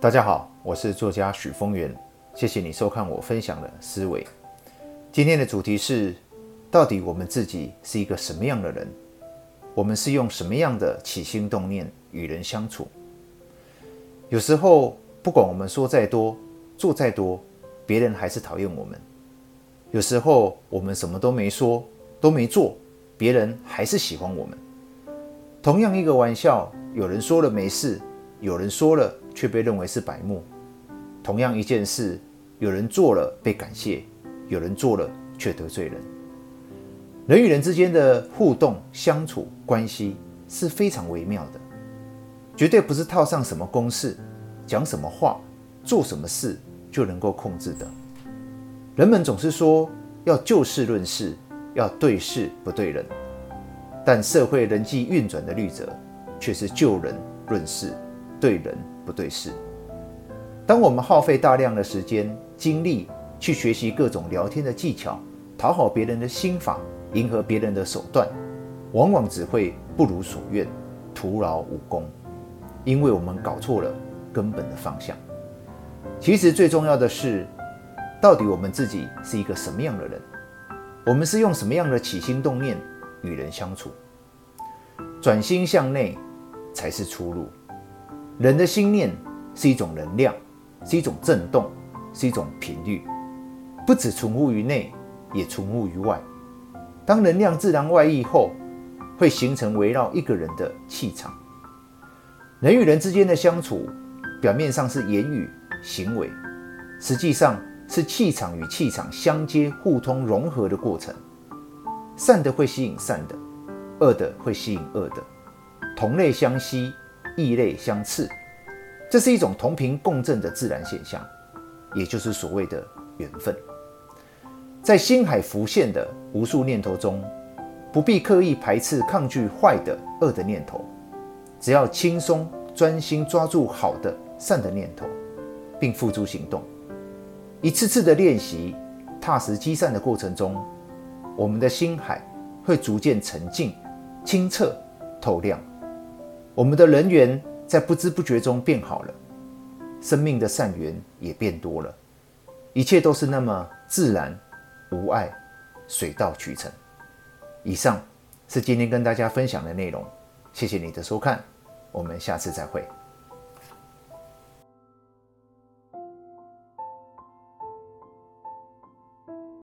大家好，我是作家許峰源，謝謝你收看我分享的思維。今天的主題是，到底我們自己是一個什麼樣的人？我們是用什麼樣的起心動念與人相處？有時候，不管我們說再多，做再多，別人還是討厭我們；有時候，我們什麼都沒說，都沒做，別人還是喜歡我們。同樣一個玩笑，有人說了沒事。有人說了卻被認為是白目，同樣一件事，有人做了被感謝，有人做了卻得罪人。人與人之間的互動相處關係是非常微妙的，絕對不是套上什麼公式、講什麼話、做什麼事就能夠控制的。人們總是說要就事論事，要對事不對人，但社會人際運轉的律則卻是就人論事對人不對事。當我們耗費大量的時間、精力去學習各種聊天的技巧、討好別人的心法、迎合別人的手段，往往只會不如所願，徒勞無功。因為我們搞錯了根本的方向。其實最重要的是，到底我們自己是一個什麼樣的人？我們是用什麼樣的起心動念與人相處？轉心向內才是出路。人的心念是一種能量，是一種震動，是一種頻率，不只存乎於內，也存乎於外。當能量自然外溢後，會形成圍繞一個人的氣場。人與人之間的相處，表面上是言語行為，實際上是氣場與氣場相接、互通融合的過程。善的會吸引善的，惡的會吸引惡的，同類相吸。異類相斥，這是一種同頻共振的自然現象，也就是所謂的緣分。在心海浮現的無數念頭中，不必刻意排斥、抗拒壞的、惡的念頭，只要輕鬆、專心抓住好的、善的念頭，並付諸行動。一次次的練習，踏實積善的過程中，我們的心海會逐漸沉靜、清澈、透亮。我們的人緣在不知不覺中變好了，生命的善緣也變多了，一切都是那麼自然、無礙、水到渠成。以上是今天跟大家分享的內容，謝謝你的收看，我們下次再會。